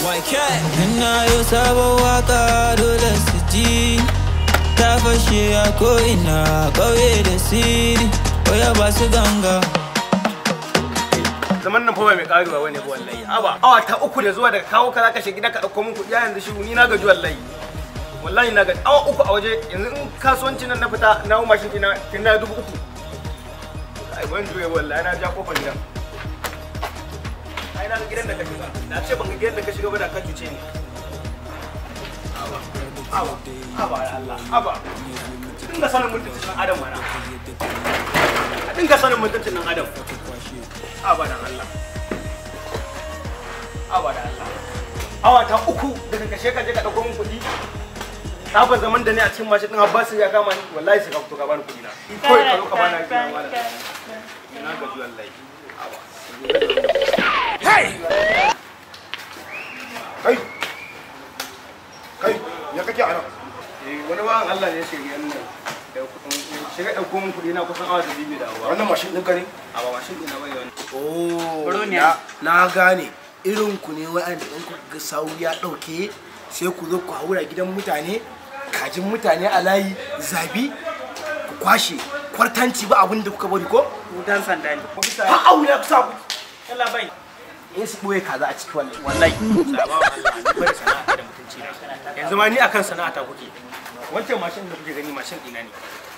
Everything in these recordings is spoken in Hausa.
Ina yau sabon waka dole su ji Ta fashe a ko'ina ƙauye da siri Oya ba su ganga zaman nan fa ba mai karuwa bane ba wallahi aba awa ta uku da zuwa daga kawo ka zaka shiga gida ka dauko min kuɗi yanzu shi ni na gaji wallahi wallahi na gaji awa uku a waje yanzu in kasuwancin nan na fita na hau mashin ina kin na dubu uku ai ban juye wallahi na ja kofar gidan ga gidan da ka shiga da ce ban gidan da ka shiga ba da ka cuce ni Aba, aba Allah, aba. Dinga sanin mutuncin nan Adam mana. dinga sanin mutuncin nan Adam. da Allah. da Allah. Awa ta uku daga kashe ka je ka dauko min kuɗi. Tsabar zaman da ne a cikin mashi ɗin Abbas ya kama ni wallahi sai ka fito ka bani kuɗi na. ka zo ka bani kuɗi na. wallahi. kai ya kake a nan eh, wani ba Allah ne yake nan shiga ɗauko min kuɗi na kusan awa da bibi da awa wannan mashin ɗin ne a ba mashin ɗina ba oh, na gane irin ku ne wa'anda in ku ga sauri ya ɗauke sai ku zo ku haura gidan mutane kajin mutane a layi zabi ku kwashe kwartanci ba abin da kuka bari ko? Mutan sanda ne. Ha aure ku bai. in su ɓoye kaza a cikin wannan wallahi bar sana'a da mutunci na yanzu ma ni akan sana'a ta kuke wancan mashin da kuke gani mashin ɗina ne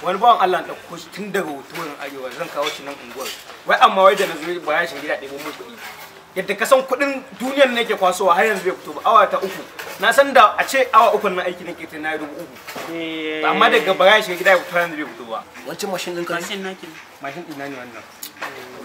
wani bawan Allah na ɗauko shi tun daga hotunan arewa zan kawo shi nan unguwar wai amma wai da na zo bayan shi gida ɗaya mun kuɗi yadda ka san kuɗin duniyar ne ke kwasowa har yanzu bai fito ba awa ta uku na san da a ce awa uku na aiki ke ta na rubu uku amma daga bayan shi gida bai fito yanzu bai fito ba wancan mashin ɗin ka mashin ɗina ne wannan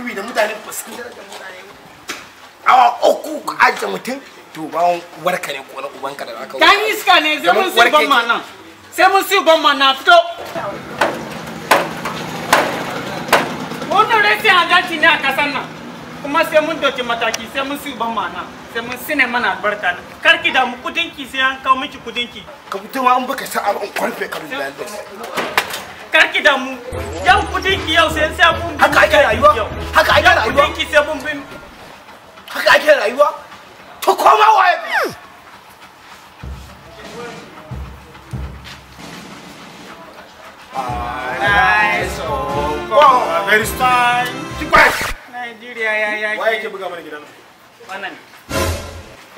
tiwi da mutane ba su da mutane awa uku ka aje mutum to bawon warka ne ko na ubanka da aka ta iska ne sai mun si ban ma nan sai mun si ban ma na fito wannan rai sai adalci ne a kasar nan kuma sai mun doki mataki sai mun si ban ma nan sai mun sine mana barka nan karki da mu kudinki sai an kawo miki kudinki ka fito ma an baka sa'a an kwarfe ka bi bayan karki da mu yau kudin ki yau sai sai haka ake rayuwa haka ake rayuwa kudin ki sai bin haka ake rayuwa to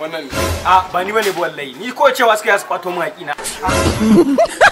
Nigeria, ah, ba ni bane wallahi. Ni ko cewa suka yi su mu mun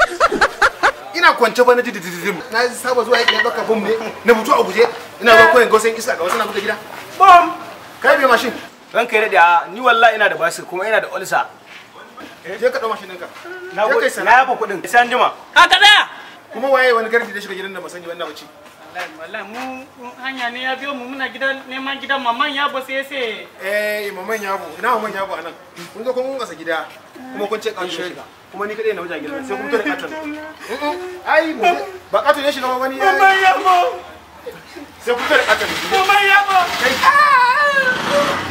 ina kwance ba na ji dididim na saba zuwa yake ɗauka bom ne na mutu a guje ina ba koyin gosen isa ga wasu na buga gida bom kai bai mashin ran kai da ni wallahi ina da basir kuma ina da ulsa eh, je ka ɗau mashin ɗinka na kai sana kuɗin sai an jima ka ka tsaya kuma waye wani garbi da shiga gidan da masani wannan mace wallahi mu hanya ne ya biyo mu muna gidan neman gidan maman yabo sai sai eh maman yabo ina maman yabo anan kun zo kun mun kasa gida kuma kun ce kan shiga kuma ni kadai na wajen gidan sai kun tare katan ai mu ba katan ne shi na wani maman yabo sai kun tare katan maman y'a bo.